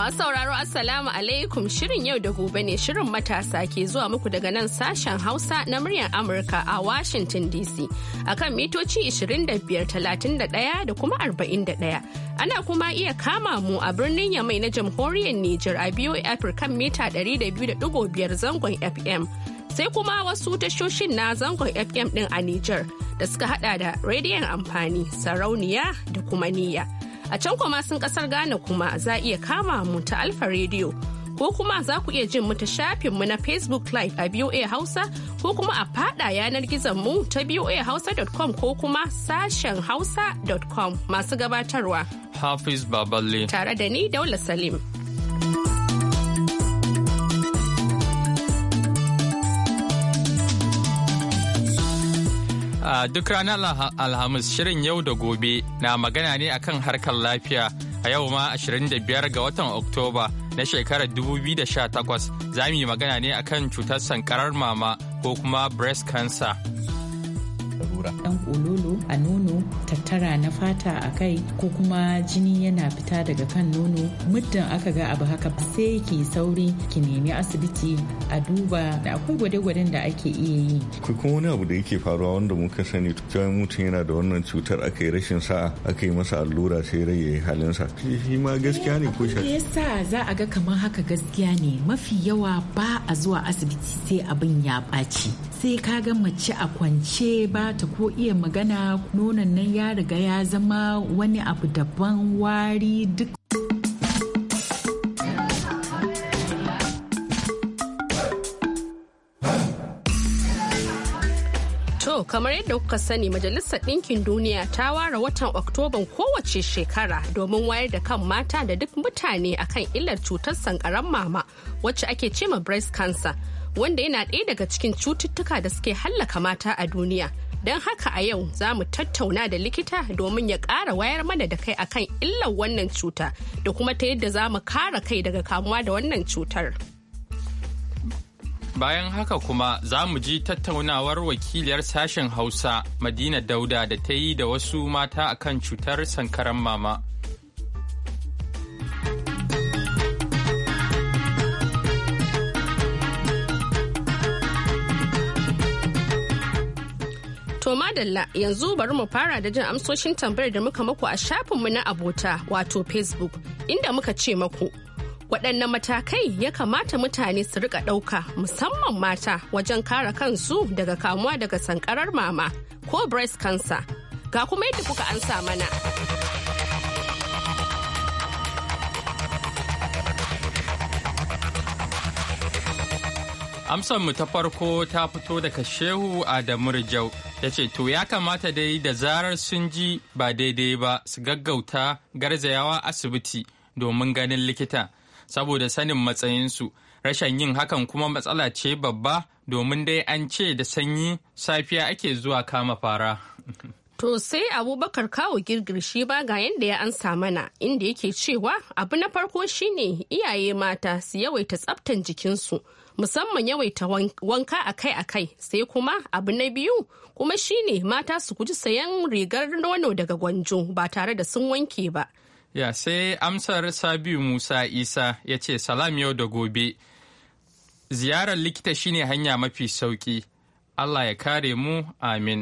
Masu sauraro Assalamu alaikum shirin yau da gobe ne shirin matasa ke zuwa muku daga nan sashen Hausa na muryar Amurka a Washington DC akan mitoci 25-31 da kuma 41. Ana kuma iya kama mu a birnin Yamai na jamhuriyar Nijar a biyo Afirkan mita 200.5 zangon FM. Sai kuma wasu tashoshin na zangon FM din a Nijar da suka hada da rediyon amfani, sarauniya da kuma niyya. A can kuma sun kasar Ghana kuma za iya kama mu ta Alfa rediyo Ko kuma za ku iya jin mu ta shafin mu na Facebook Live a BOA Hausa ko kuma a fada yanar gizon mu ta boahausa.com ko kuma sashen hausa.com masu gabatarwa. Hafiz Baballe. Tare da ni Daula Salim. A duk ranar Alhamis shirin yau da gobe na magana ne akan harkar lafiya a yau ma 25 ga watan Oktoba na shekarar 2018 za mu yi magana ne akan cutar sankarar mama ko kuma breast cancer. allura dan kololo a nono tattara na fata a kai ko kuma jini yana fita daga kan nono muddin aka ga abu haka sai ki sauri ki nemi asibiti a duba da akwai gwade-gwaden da ake iya yi akwai kuma wani abu da yake faruwa wanda muka sani cewa mutum yana da wannan cutar aka yi rashin sa'a aka yi masa allura sai rage halinsa shi ma gaskiya ne ko shi yasa za a ga kamar haka gaskiya ne mafi yawa ba a zuwa asibiti sai abin ya ɓaci sai ka ga mace a kwance ba ta ko iya magana nonon nan ya riga ya zama wani abu daban wari duk To, kamar yadda kuka sani Majalisar Ɗinkin Duniya ta ware watan Oktoban kowace shekara domin wayar da kan mata da duk mutane akan illar cutar sankaran mama wacce ake cema breast cancer wanda yana ɗaya daga cikin cututtuka da suke hallaka mata a duniya. Don haka a yau za mu tattauna da likita domin ya ƙara wayar mana da kai akan illar wannan cuta da kuma ta yadda za mu kara kai daga kamuwa da wannan cutar. Bayan haka kuma za mu ji tattaunawar wakiliyar sashen Hausa Madina Dauda da ta yi da wasu mata akan cutar sankaran mama. madalla yanzu bari mu fara da jin amsoshin tambayar da muka maku a shafinmu na abota wato Facebook inda muka ce maku. Waɗannan matakai ya kamata mutane su rika ɗauka musamman mata wajen kare kansu daga kamuwa daga sankarar mama ko breast cancer. Ga kuma yadda kuka ansa mana. mu ta farko ta fito daga shehu adamu rijau ya ce to ya kamata dai da zarar sun ji ba daidai ba su gaggauta garzayawa asibiti domin ganin likita saboda sanin matsayinsu rashin yin hakan kuma matsala ce babba domin dai an ce da sanyi safiya ake zuwa kama fara To sai abubakar kawo girgirshi ba ga yadda ya ansa mana inda yake cewa abu na farko shine iyaye mata su yawaita tsaftan jikinsu musamman yawaita wanka akai-akai sai kuma abu na biyu kuma shine mata su guji sayan rigar nono daga gwanjo ba tare da sun wanke ba. Ya sai amsar Sabiu Musa Isa ya ce salam yau da gobe. Ziyarar likita shine hanya mafi sauki. Allah ya kare mu amin.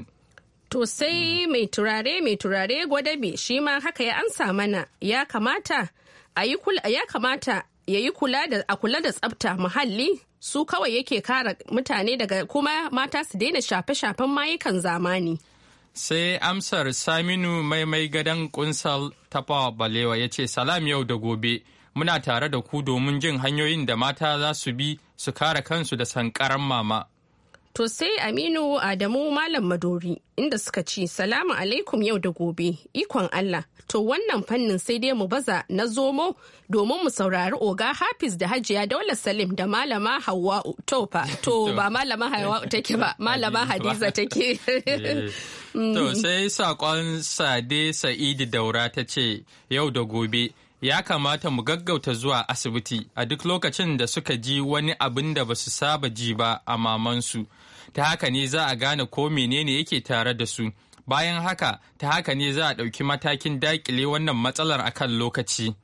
To sai mai turare mai turare gwadabe shi ma haka ya ansa mana ya kamata a yi ya kamata ya yi kula da a kula da tsabta muhalli su kawai yake kare mutane daga kuma mata su daina shafe-shafen mayukan zamani. Sai amsar Saminu maimai gadon kunsal tafawa balewa ya ce salam yau da gobe muna tare da ku domin jin hanyoyin da mata za su bi su kare kansu da sankaran mama. To sai Aminu Adamu Malam Madori inda suka ce salamu alaikum yau da gobe ikon Allah. To wannan fannin sai dai mu baza na zomo domin mu saurari oga Hafiz da Hajiya Daula Salim da Malama hawa Tofa. To ba Malama hawa take ba, Malama Hadiza take. Eh. To mm. sai sakon Sade Sa'idi Daura ta ce yau da gobe ya kamata mu gaggauta zuwa asibiti a duk lokacin da suka ji wani abin da ba su saba ji ba a mamansu. ta haka ne za a gane ko menene yake tare da su bayan haka ta haka ne za a ɗauki matakin daƙile wannan matsalar a kan lokaci.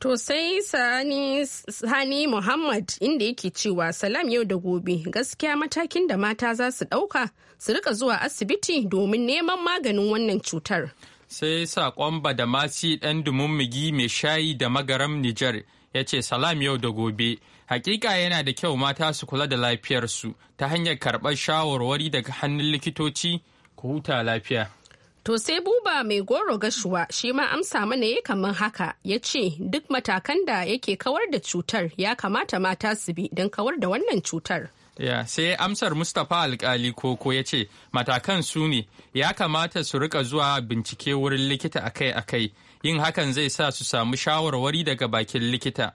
To sai Sani, Sani Muhammad inda yake cewa salam yau da gobe gaskiya matakin da mata za su ɗauka su rika zuwa asibiti domin neman maganin wannan cutar. Sai da masi ɗan dumummigi mai shayi da magaram Nijar ya ce salam yau da gobe hakika yana da kyau mata su kula da lafiyarsu ta hanyar karɓar shawarwari daga hannun likitoci ku huta lafiya To sai buba mai goro gashuwa shi ma amsa mana ya kamar haka ya ce duk matakan da yake kawar da cutar ya kamata mata su bi don kawar da wannan cutar. Yeah, sai amsar Mustapha alkali koko ya ce matakan su ne ya kamata su rika zuwa bincike wurin likita akai-akai yin hakan zai sa su samu shawarwari daga bakin likita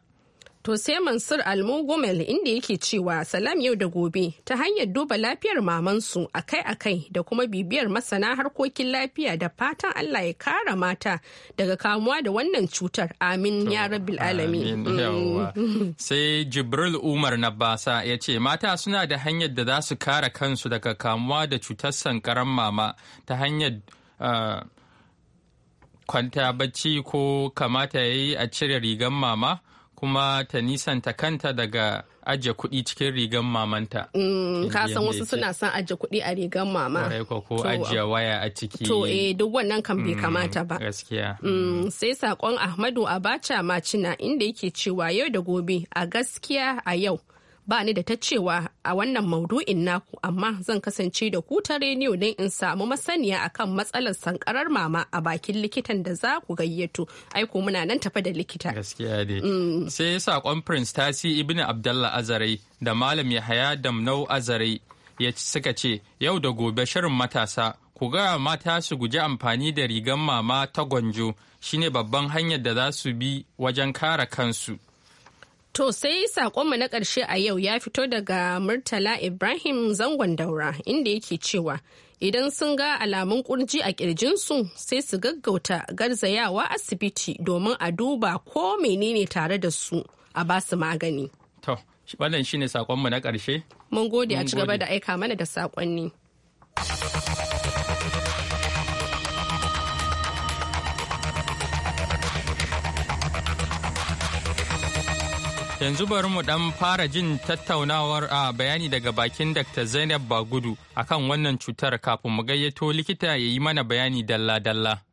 To sai Mansur Almogomel inda yake cewa salam yau da gobe ta hanyar duba lafiyar mamansu akai-akai da kuma bibiyar masana harkokin lafiya da fatan Allah ya kara mata daga kamuwa da wannan cutar amin ya rabbil alami. Mm. Sai Jibril Umar na basa ya ce mata suna da hanyar da za su kare kansu daga kamuwa da cutar sankaran mama ta hanyar uh, kwanta bacci ko kamata ya yi a cire rigan mama kuma ta nisanta kanta daga ajiye kuɗi cikin rigan mamanta. Mm, ka san wasu suna son ajiye kuɗi a rigan mama. ko ajiye waya a ciki. To eh duk wannan kan bai mm, kamata ba. Gaskiya. Mm, sai saƙon Ahmadu Abacha Macina inda yake cewa yau da gobe a gaskiya a yau. ba ni da ta cewa a wannan maudu'in naku amma zan kasance da ku ta rediyo don in samu masaniya a kan matsalar sankarar mama a bakin likitan da za ku gayyato aiko muna nan tafa da likita gaskiya ne mm. sai saƙon prince tasi ibn abdallah azare da malam yahaya damnau azare ya suka ce yau da gobe shirin matasa ku ga mata su guji amfani da rigan mama ta gwanjo shine babban hanyar da za su bi wajen kare kansu To sai saƙonmu na ƙarshe a yau ya fito daga Murtala Ibrahim zangon daura inda yake cewa idan sun ga alamun kurji a ƙirjinsu sai su gaggauta garzayawa asibiti domin a duba ko menene tare da su a ba su magani. To, wannan shine saƙonmu na ƙarshe. Mun gode a ci gaba da aika mana da saƙonni. Yanzu bari mu dan fara jin tattaunawar a bayani daga bakin Dr. Zainab Bagudu akan wannan cutar kafin mu gayyato likita ya yi mana bayani dalla-dalla.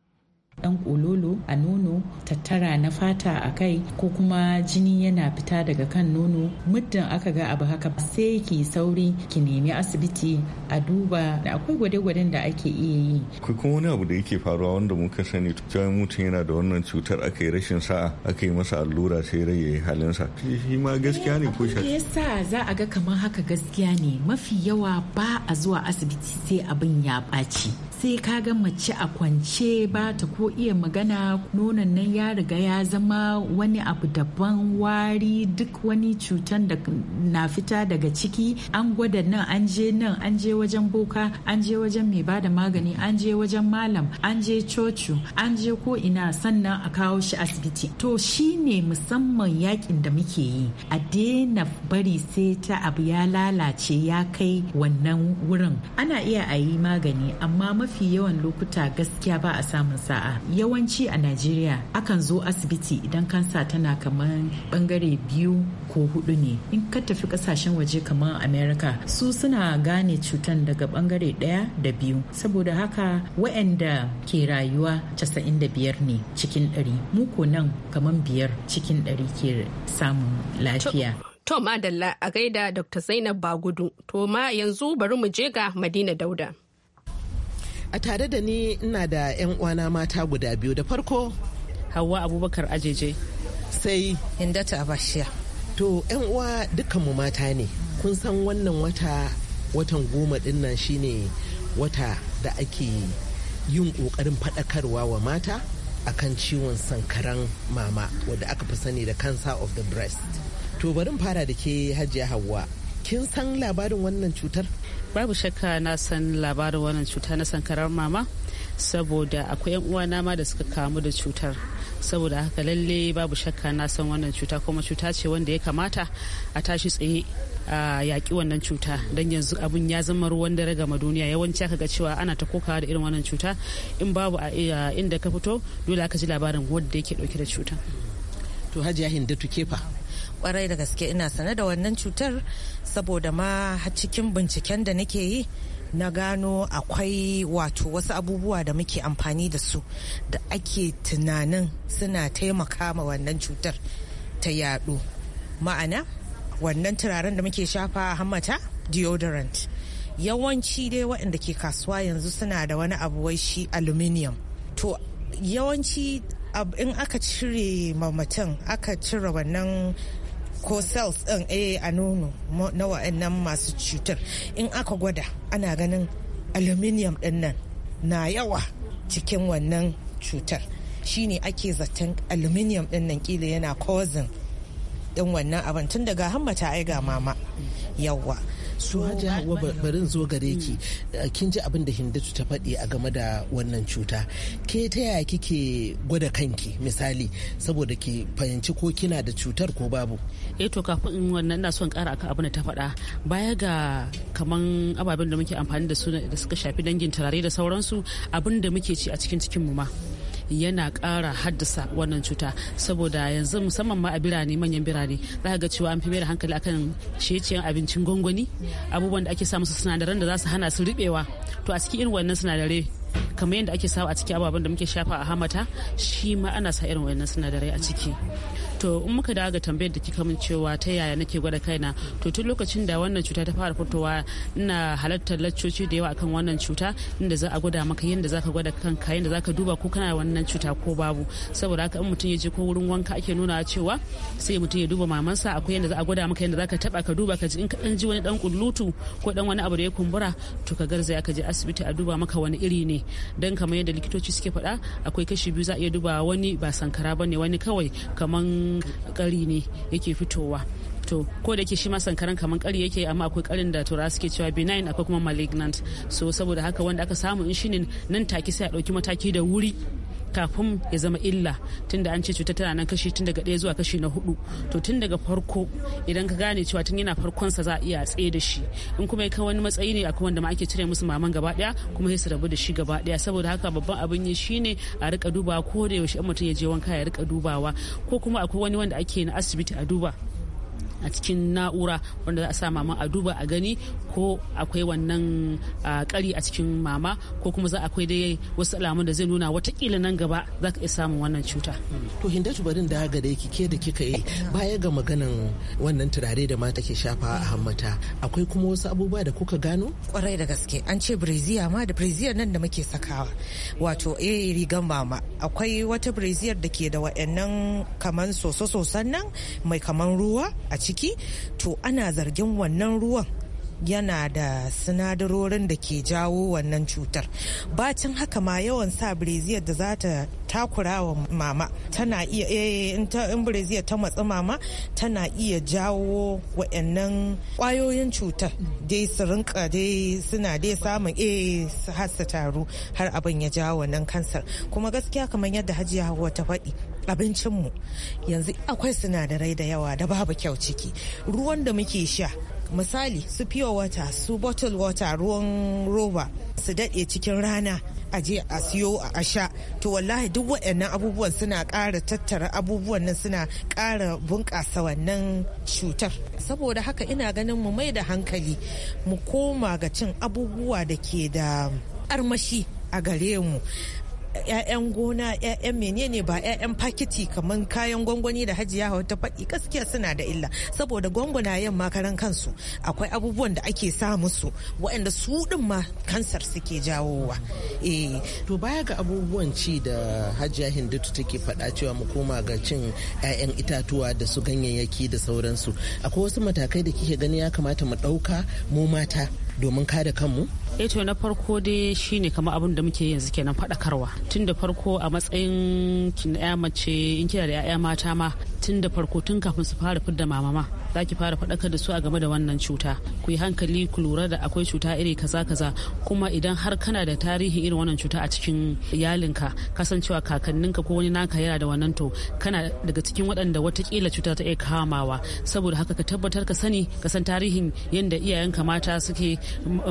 Ɗan kololo a nono tattara na fata a kai ko kuma jini yana fita daga kan nono muddin aka ga abu haka sai ki sauri ki nemi asibiti a duba Da akwai gwade-gwaden da ake iya yi akwai kuma wani abu da yake faruwa wanda muka sani cewa mutum yana da wannan cutar aka yi rashin sa'a aka yi masa allura sai rai ya yi halinsa shi ma gaskiya ne ko yasa za a ga kamar haka gaskiya ne mafi yawa ba a zuwa asibiti sai abin ya ɓaci sai ka ga mace a kwance ba ta ko iya magana nonon nan ya riga ya zama wani abu daban wari duk wani cutan da na fita daga ciki an gwada nan an je nan an je wajen boka an je wajen mai bada magani an je wajen malam an je cocu an je ko ina sannan a kawo shi asibiti to shi ne musamman yakin da muke yi a daina bari sai ta abu ya lalace ya kai wannan wurin ana iya a yi magani amma mafi mafi yawan lokuta gaskiya ba a samun sa'a yawanci a najeriya akan zo asibiti idan kansa tana kamar bangare biyu ko hudu ne in ka tafi kasashen waje kamar america su suna gane cutan daga bangare daya da biyu saboda haka wa'anda ke rayuwa 95 ne cikin 100 muku nan kamar biyar cikin 100 ke samun lafiya Tom Adalla a gaida Dr. Zainab Bagudu. To ma yanzu bari mu je ga Madina Dauda. a tare da ni ina da 'yan uwana mata guda biyu da farko hawa abubakar ajeje sai indata abashiya to 'yan uwa dukkan mu mata ne kun san wannan wata watan goma dinnan shine wata da ake yin ƙoƙarin faɗakarwa wa mata akan ciwon sankaran mama wadda aka fi sani da cancer of the breast to bari fara da ke hajiya hawa kin san labarin wannan cutar babu shakka na san labarin wannan cuta na sankarar mama saboda akwai 'yan uwa ma da suka kamu da cutar saboda haka lalle babu shakka na san wannan cuta kuma cuta ce wanda ya kamata a tashi tsaye a yaƙi wannan cuta don yanzu abin ya zama ruwan dare gama duniya yawanci aka ga cewa ana ta kokawa da irin wannan cuta in babu a inda ka fito dole aka ji labarin wanda yake ɗauke da cuta to hajiya hindatu kefa kwarai da gaske ina sane da wannan cutar saboda ma cikin binciken da nake yi na gano akwai wato wasu abubuwa da muke amfani da su da ake tunanin suna taimaka ma wannan cutar ta yadu ma'ana wannan turaren da muke shafa hammata deodorant yawanci dai waɗanda ke kasuwa yanzu suna da wani abu wai shi aluminium to yawanci in aka cire mamatan aka cire wannan ko cells din a eh, a nono na wa'annan masu cutar in aka gwada ana ganin aluminium din nan na yawa cikin wannan cutar shine ake zaton aluminium din nan kila yana causing din wannan abin tun daga hammata ai ga mama yawa su haja wa barin zo gare ki mm. eh, kin ji abin da hindatu ta faɗi a game da wannan cuta ke ta yaya kike gwada kanki misali saboda ki fahimci ko kina da cutar ko babu eh to kafin wannan na son kara akan abin da ta faɗa baya ga kaman ababen da muke amfani da su da suka shafi dangin turare da sauransu abin da muke ci a cikin cikin mu ma yana ƙara haddasa wannan cuta saboda yanzu musamman ma a birane manyan birane za ga cewa an fi mai da hankali akan ciye abincin gwangwani abubuwan da ake sa musu sinadaran da za su hana su riɓewa to a cikin irin wannan sinadarai kamar yadda ake sawa a cikin ababen da muke shafa a hamata shi ma ana sa irin wannan sinadarai a ciki to in muka dawo ga tambayar da kika min cewa ta yaya nake gwada kaina to tun lokacin da wannan cuta ta fara fitowa ina halartar laccoci da yawa akan wannan cuta inda za a gwada maka yadda zaka gwada kanka yadda zaka duba ko kana wannan cuta ko babu saboda haka in mutum ya je ko wurin wanka ake nuna cewa sai mutum ya duba mamansa akwai yadda za a gwada maka yadda zaka taba ka duba ka ji in ka dan ji wani dan kullutu ko dan wani abu da ya kumbura to ka garzaya ka je asibiti a duba maka wani iri ne dan kamar yadda likitoci suke faɗa akwai kashi biyu za a iya duba wani ba sankara ba bane wani kawai kaman kari ne yake fitowa to ko da ke shi ma sankaran kamar kari yake amma akwai karin da turawa suke cewa benign akwai kuma malignant so saboda haka wanda aka samu in shine nan take sai a ɗauki mataki da wuri kafin ya zama illa tun da an ce cutar tana nan kashi tun daga ɗaya zuwa kashi na hudu to tun daga farko idan ka gane cewa tun yana farkon sa za a iya tsaye da shi in kuma ya kai wani matsayi ne akwai wanda ma ake cire musu maman gaba ɗaya kuma sai su rabu da shi gaba ɗaya saboda haka babban abin yi shine a rika dubawa ko da yaushe in mutum ya je wanka ya rika dubawa ko kuma akwai wani wanda ake na asibiti a duba a cikin na'ura wanda za a sa mama a duba a gani ko akwai wannan kari a cikin mama ko kuma za akwai dai wasu alamun da zai nuna watakila nan gaba za ka iya samun wannan cuta. To hindatu tubarin da haka da ke da kika yi baya ga maganan wannan turare da mata ke shafa a hammata akwai kuma wasu abubuwa da kuka gano? Kwarai da gaske an ce breziya ma da breziya nan da muke sakawa wato eh rigan mama akwai wata breziyar da ke da wa'annan kaman soso sosan nan mai kaman ruwa a ciki ciki to ana zargin wannan ruwan yana da sinadarorin da ke jawo wannan cutar bacin haka ma yawan sa breziyar da za ta takurawa mama tana iya eh, in brazil ta matsi mama tana iya jawo wa'annan kwayoyin cutar dai su rinka dai suna dai samun eh har su taru har abin ya jawo wannan kansar kuma gaskiya kamar yadda hajiya hawa ta faɗi abincinmu yanzu akwai sinadarai da yawa da babu kyau ciki ruwan da muke sha misali su pure water su bottle water ruwan roba su daɗe cikin rana a je a siyo a sha to wallahi duk waɗannan abubuwan suna ƙara tattara abubuwan nan suna ƙara bunƙasa wannan cutar saboda haka ina ganin mu mai da hankali mu koma ga cin abubuwa da ke da armashi a gare mu 'ya'yan gona 'ya'yan menene ba 'ya'yan fakiti kamar kayan gwangwani da hajiya hawa ta faɗi gaskiya suna da illa saboda gwangwanayen makaran kansu akwai abubuwan da ake sa musu waɗanda su ɗin ma kansar suke jawowa eh to baya ga abubuwan ci da hajiya hindutu take faɗa cewa mu koma ga cin 'ya'yan itatuwa da su ganyayyaki da sauransu akwai wasu matakai da kike gani ya kamata mu ɗauka mu mata domin kare kanmu eh to na farko dai shine kamar abin da muke yanzu kenan faɗakarwa tun da farko a matsayin kin ya mace in kina da ya'ya mata ma tun da farko tun kafin su fara fidda mama ma za ki fara faɗakar da su a game da wannan cuta ku yi hankali ku lura da akwai cuta iri kaza kaza kuma idan har kana da tarihin irin wannan cuta a cikin ka kasancewa kakanninka ko wani naka yana da wannan to kana daga cikin waɗanda watakila cuta ta iya kamawa saboda haka ka tabbatar ka sani ka san tarihin yadda iyayenka mata suke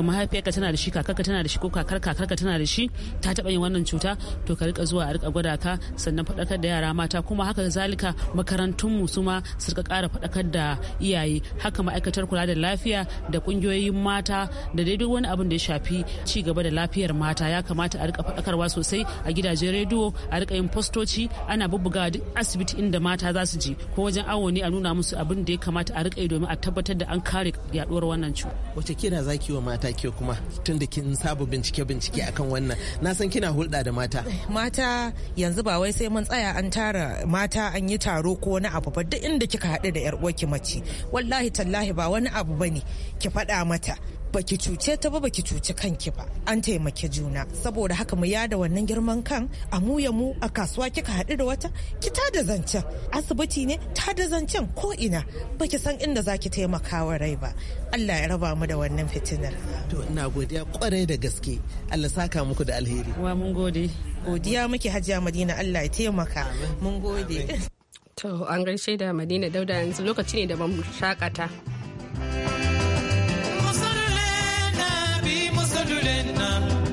mahaifiyarka tana da shi kakarka tana da shi ko kakar kakarka tana da shi ta taba yin wannan cuta to ka rika zuwa a rika gwada ka sannan faɗakar da yara mata kuma haka zalika makarantun mu su ma su rika ƙara faɗakar da iyaye haka ma'aikatar kula da lafiya da ƙungiyoyin mata da daidai wani abin da ya shafi ci gaba da lafiyar mata ya kamata a rika faɗakarwa sosai a gidajen rediyo a rika yin postoci ana bubbuga duk asibiti inda mata za su je ko wajen awo ne a nuna musu abin da ya kamata a rika yi domin a tabbatar da an kare yaduwar wannan cuta wace kira zaki wa mata ke kuma tun da kin saba bincike-bincike akan wannan na san kina hulɗa da mata mata yanzu ba wai sai mun tsaya an tara mata an yi taro ko wani abu ba duk inda kika haɗu da yar uwarki mace wallahi tallahi ba wani abu bane ki faɗa mata baki cuce ta ba baki cuci kanki ba an taimake juna saboda haka mu yada wannan girman kan a mu ya mu a kasuwa kika haɗu da wata ki ta da zancen asibiti ne ta da zancen ko ina baki san inda zaki taimaka wa rai ba Allah ya raba mu da wannan fitinar to ina godiya kwarai da gaske Allah saka muku da alheri wa mun gode godiya muke hajiya Madina Allah ya taimaka mun gode to an gaishe da Madina Dauda yanzu lokaci ne da ban shakata thank you 109.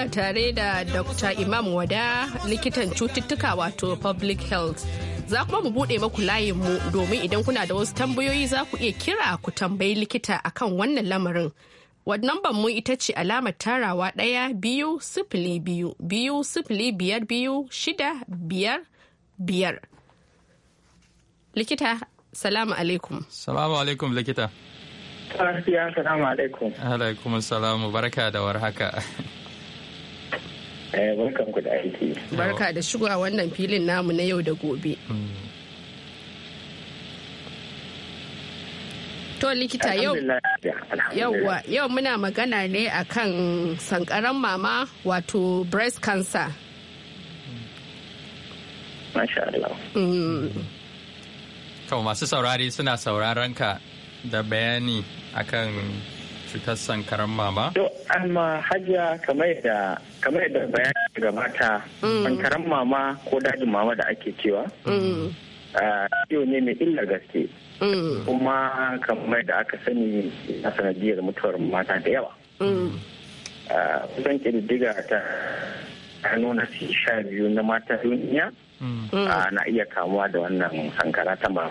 muna tare da Dr. Imam Wada likitan cututtuka wato public health. Za kuma mu bude maku layinmu domin idan kuna da wasu tambayoyi za ku iya kira ku tambayi likita akan wannan lamarin. Wannan mu ita ce alamar tarawa ɗaya biyu sifili biyu biyu sifili biyar biyu shida biyar biyar. Likita, salamu alaikum. Salamu alaikum likita. Lafiya, salamu alaikum. Alaikum salamu, barka da warhaka. Eh, Barkan da aiki. Barka da shigowa wannan filin namu na yau da gobe. To likita yau yau muna magana ne akan sankaran mama wato breast cancer. Masha Allah. Mm. masu saurari suna sauraron ka da bayani akan cutar sankaran mama? To, amma hajiya kamar yadda kamar yadda bayani gabata mm. sankaran mama ko dajin mama da ake cewa. Mm. Ciwo ne mai illa gaske. Mm. Kuma kamar da aka sani a sanadiyar mutuwar mata da yawa. Kusan kididdiga ta nuna sha biyu na mata duniya na iya kamuwa da wannan sankara ta mama.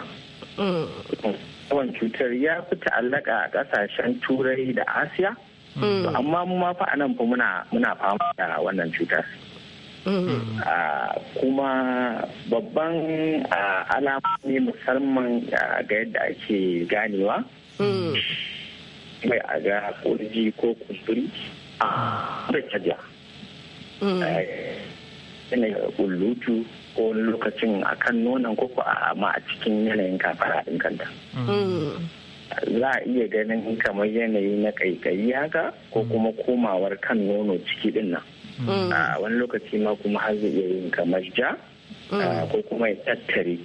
yawan cutar ya fi ta'allaka a kasashen turai da asiya mm. amma mu fa a nan fa muna fama da wannan cutar mm. kuma babban alamomi musamman ga yadda ake ganewa mm. mai a ga kurji ko kumburi a eh, da kaja yanayin kullutu ko lokacin a kan nonon koko a a cikin yanayin kafara ɗin kanta. Mm. Za a iya ganin kamar yanayi na ƙaiƙayi haka ko mm. kuma komawar kan nono ciki ɗin nan. Mm. A wani lokaci ma kuma har zai iya yin kamar ja ko kuma ya tattare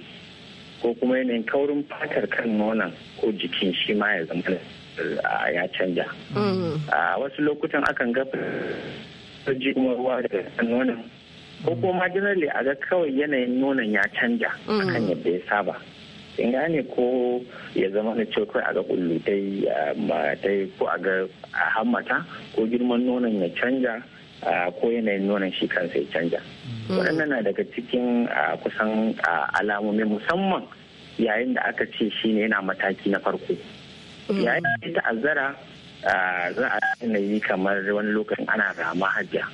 ko kuma yanayin kaurin fatar kan nonon ko jikin shi ma ya zama ya canja. A wasu lokutan akan ga ji kuma ruwa daga nonon ko kuma generally a ga kawai yanayin nonon ya canja mm. akan yadda ya saba in gane ko ya zama na cewa a ga kullutai dai ko a ga hammata ko girman nonon ya canja ko yanayin nonon shi kansa ya canja mm. waɗannan na daga cikin kusan alamomi musamman yayin da aka ce shi ne yana mataki na farko mm. yayin da ta azara za a yanayi kamar wani lokacin ana rama hajja.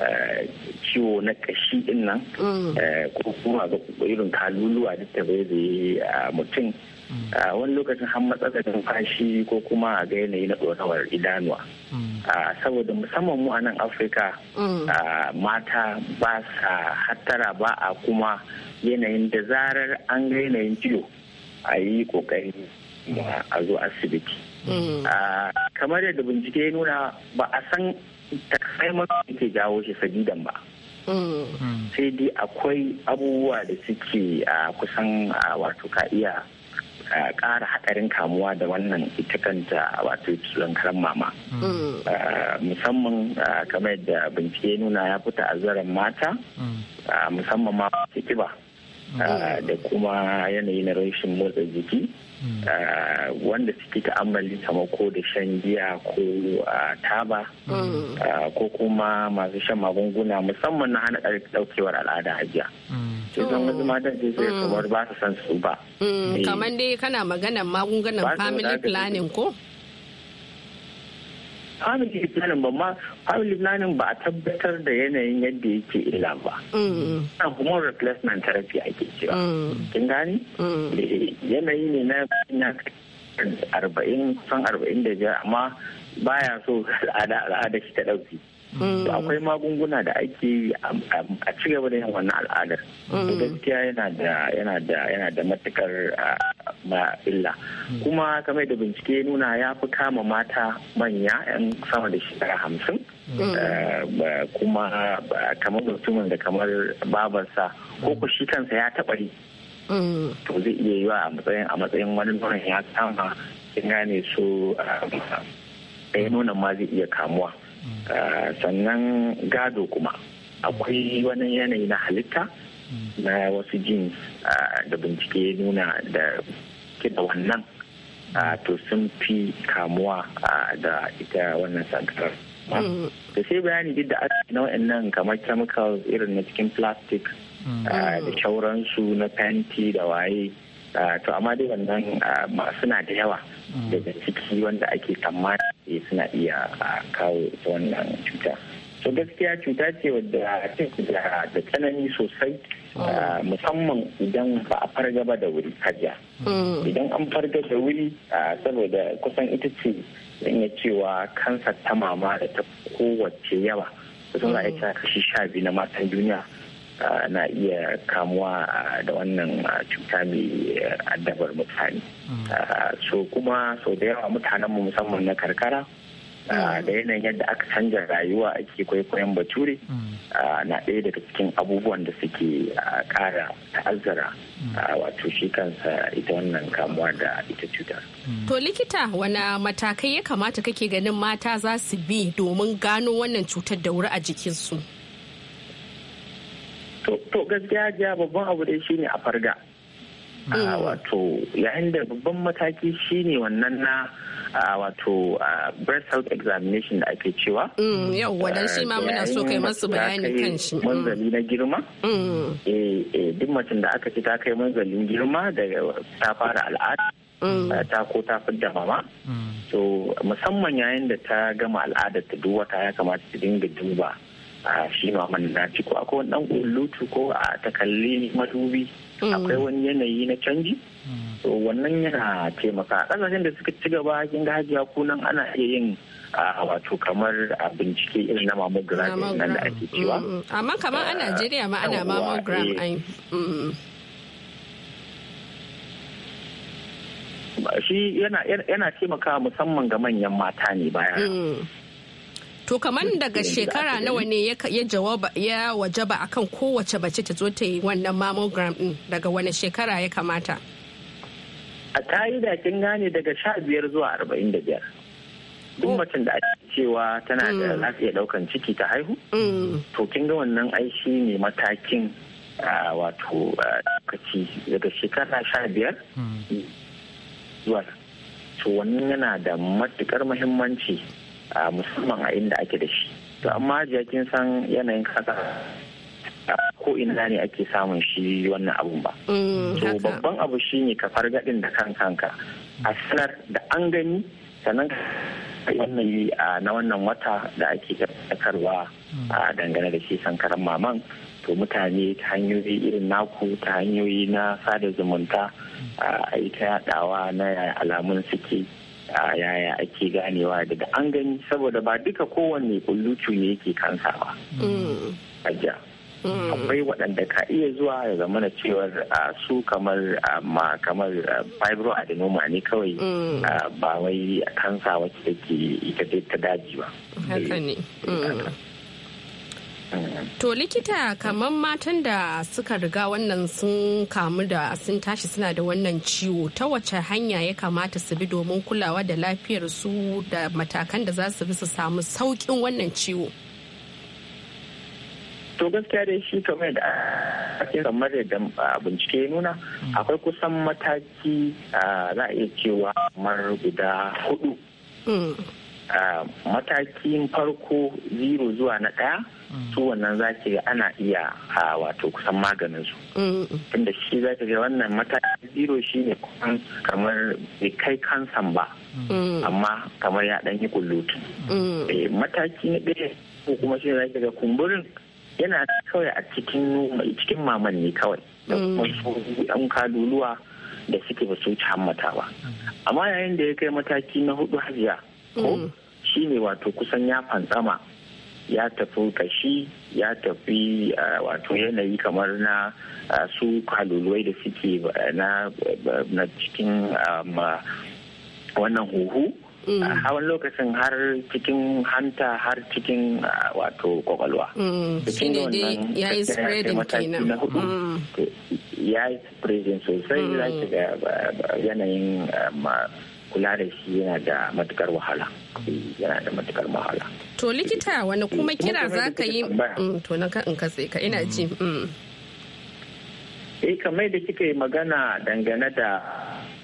Eh, ciwo na kashi din nan mm. eh, ko kuma ga irin kaluluwa duk da bai zai mutum mm. ah, wani lokacin har matsalar numfashi ko kuma a ga yanayi na ɗorawar idanuwa mm. ah, saboda musamman mu a nan afirka ah, mata ba sa hattara ba a kuma yanayin da zarar an ga yanayin ciwo a yi ƙoƙari a zo asibiti kamar yadda bincike ya nuna ba a san ta kai ma ke jawo shi sadidan ba mm. sai dai akwai abubuwa da suke a kusan wato ka iya ƙara haɗarin kamuwa da wannan ita kanta wato ciwon karan mama mm. musamman kamar da bincike nuna ya fita a zaren mata mm. musamman ma kiba. Ah, eh. da kuma yanayi na rashin motsa jiki hmm. ah, wanda suke ta'ammali kamar ko da shan giya ko ah, taba hmm. ko kuma masu shan magunguna musamman na hana daukewar al'ada hajiya. Hmm. sai zan wasu matan sai sai kamar ba su san su ba. Eh. kamar dai kana maganan magungunan family planning ko? family planning ba ma family planning ba a tabbatar da yanayin yadda yake illa ba na kuma replacement therapy ake cewa kin gani yanayi ne na arba'in san arba'in da biyar amma baya so al'ada shi ta ɗauki to mm. akwai magunguna da ake a ci gaba da yin wannan al'adar mm. gaskiya yana da yana da yana da matukar ma illa mm. kuma kamar da bincike nuna ya fi kama mata manya yan sama da shekara hamsin eh, kuma kamar mutumin da kamar babarsa ko ku shi kansa ya taɓa yi to zai iya yiwa a matsayin a matsayin wani nurin ya kama kin gane su ɗaya nunan ma zai iya kamuwa Ah, sannan gado kuma akwai wani yanayi na halitta na wasu jins ah, da bincike nuna da kida wannan ah, to sun fi kamuwa da ita wannan sankarar mm. da sai bayani duk da ake na wa'annan kamar chemicals irin na cikin plastic mm. da shauransu na fenti da waye Ah, to amma dai wannan ah, suna da yawa daga ciki wanda ake tsammani suna iya ah, kawo wannan cuta to gaskiya cuta ce wadda da tsanani sosai musamman idan ba a farga ba da wuri hajiya hmm. idan an farga da wuri saboda kusan ita ce zan iya cewa kansa ta mama da ta kowace yawa kusan za a kashi sha biyu na matan duniya na iya kamuwa da wannan cuta mai eh, addabar mutane mm. so kuma sau da yawa mutanen mu musamman na karkara mm. da yanayin yadda aka canza rayuwa ke kwaikwayon bature mm. na ɗaya daga cikin abubuwan da suke ƙara ta'azzara wato shi kansa ita wannan kamuwa da ita cuta. To likita wana matakai ya kamata kake ganin mata za su bi domin gano wannan cutar da wuri a jikinsu? to gaskiya jiya babban abu dai shine a farga eh. wato yayin da babban mataki shine wannan na wato breast health examination da ake cewa mm, yau wadan shi ma muna so kai masu bayani kan shi mm. manzali na girma mm. eh, eh, duk macin da aka ci ta kai manzalin girma da ta fara al'ada ta ko ta fidda mama to musamman yayin da ta gama al'adar ta duk wata ya kamata ta dinga duba shi ma mandaci ko akwai wani dan ulutu ko a takalli madubi mm. akwai wani yanayi na canji mm. to wannan yana taimaka kasashen da suka ci gaba kin ga hajiya kunan ana iya yin wato kamar a bincike irin na mammogram nan da ake cewa mm, amma kamar a Najeriya ma ana mammogram eh. ai shi yana taimaka musamman ga manyan mata ne baya to kamar daga shekara nawa ne ya jawaba ya wajaba akan kowace bace ta zo ta yi wannan mammogram din daga wani shekara ya kamata a da kin gane daga sha biyar zuwa arba'in da biyar duk oh. mutum da ake cewa tana da lafiya mm. daukan ciki ta haihu mm. to kin ga wannan ai shi ne matakin wato lokaci daga shekara sha biyar mm. zuwa to wannan yana da matukar muhimmanci a musamman a inda ake da shi to amma kin san yanayin kasa ko ina ne ake samun shi wannan abun ba mm, to babban abu shi ne ka fargaɗin da kan kanka a sanar da an gani sannan wannan yi na wannan wata da ake karwa a dangane da shi sankaran maman to mutane ta hanyoyi irin naku ta hanyoyi na sada zumunta a yi ta yadawa na alamun suke a yaya ake ganewa daga an gani saboda ba duka kowanne kullucu ne yake kansa ba mm. ajiya akwai waɗanda ka iya zuwa ya zama na cewar su kamar ma kamar fibroadenoma ne kawai mm. ba wai kansa wacce take ita ta daji ba eh, mm. To likita kamar matan da suka riga wannan sun kamu da sun tashi suna da wannan ciwo ta wace hanya ya kamata su bi domin kulawa da lafiyar su da matakan da za su bi su samu saukin wannan ciwo. to gaskiya dai shi kamar da kamar da bincike nuna hmm. akwai kusan mataki za a iya cewa kamar guda hudu hmm. matakin farko zero zuwa na ɗaya mm. su wannan za ki ana iya a wato kusan maganin su tunda shi za ki wannan matakin zero shi ne kamar bai kai kansan ba mm. amma kamar ya ɗan yi kullutu mm. eh, mataki na ɗaya ko kuma shi za ki ga kumburin yana kawai a cikin cikin maman ne kawai da kuma an da suke ba su hammata ba amma yayin da ya kai mataki na hudu hajiya ko mm. shi ne wato kusan ya fantsama ya tafi kashi ya tafi eh, wato yanayi kamar na eh, su kaluluwai da suke eh, na cikin um, wannan huhu mm. hawan lokacin har cikin hanta har cikin wato kwakwalwa mm. ya yi spreading ya yi sosai za ga yanayin kula da shi yana da matukar wahala eh, yana da matukar wahala to likita wani kuma eh, kira za ka yi mm, to na ka in ka ka ina ji mm. Mm. eh kamar da kika yi magana dangane da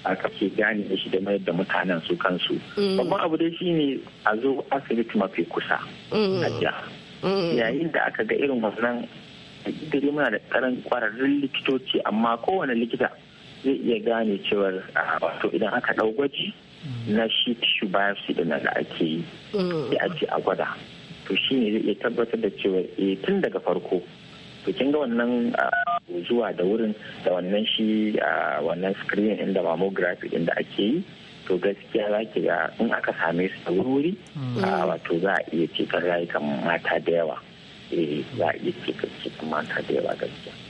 aka ke gane shi da mayar da mutanen su kansu babban abu dai shine a zo asibiti mafi kusa yayin da aka ga irin wannan dare muna da karan kwararrun likitoci amma kowane likita zai iya gane cewar wato idan aka ɗau gwaji na shi tissue biopsy din da ake yi da mm. ake a gwada to shi ne zai iya tabbatar da cewa e eh, tun daga farko to kin ga wannan zuwa da wurin da wannan shi wannan screening din da mammography din da ake yi to gaskiya za ki ga in aka same su da wuri mm. wato za a iya ceton rayukan mata da yawa eh za a iya ceton mata da yawa gaskiya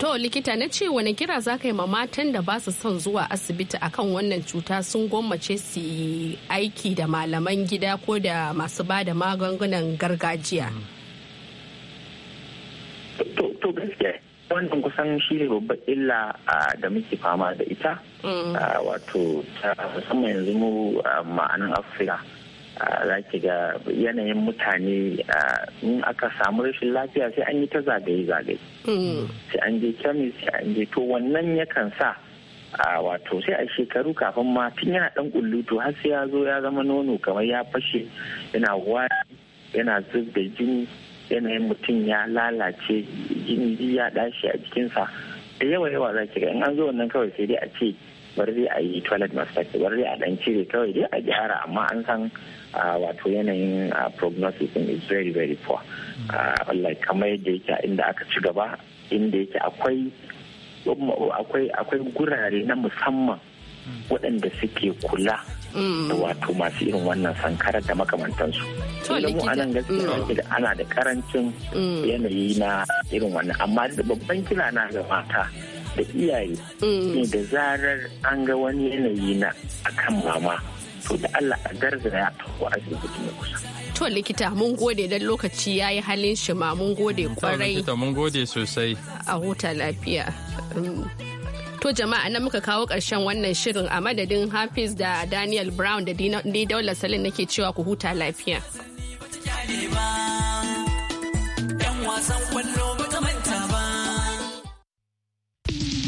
To likita na ce wani kira za ka yi ma matan da ba su son zuwa asibiti akan wannan cuta sun gwammace su yi aiki da malaman gida ko da masu ba da magungunan gargajiya. Mm. To gaske wannan kusan shi ne babbar illa da muke fama da ita mm. wato ta musamman yanzu mu ma'anin afirka. za ki ga yanayin mutane in aka samu rashin lafiya sai an yi ta zagaye-zagaye mm. sai an je kyami sai an je to wannan yakan sa a wato sai a shekaru kafin ma tun yana dan kulluto har sai ya zo ya zama nono kamar ya fashe yana wari yana zub da jini yanayin mutum ya lalace jini ya dashi a jikinsa da yawa yawa za ki ga in an zo wannan kawai sai dai a ce bari a yi toilet mastectomy bari a dan cire kawai dai a gyara amma an san wato yanayin prognosis in is very very poor wallahi kamar yadda yake inda aka ci gaba inda yake akwai akwai gurare na musamman waɗanda suke kula mm. da wato masu irin wannan sankarar da makamantansu. mu a gaskiya mm. ana da karancin mm. yanayi na irin wannan amma babban kila na ga mata da iyaye ne mm. da zarar an ga wani yanayi na akan mama to da Allah a garzaya wa asibiti na kusa. To likita mun gode don lokaci ya yi halin shi ma mun gode kwarai. Likita mun gode sosai. A huta lafiya. Mm. To jama'a na muka kawo ƙarshen wannan shirin a madadin Hafiz da Daniel Brown da ni Daula Salim nake cewa ku huta lafiya. wasan kwallo ba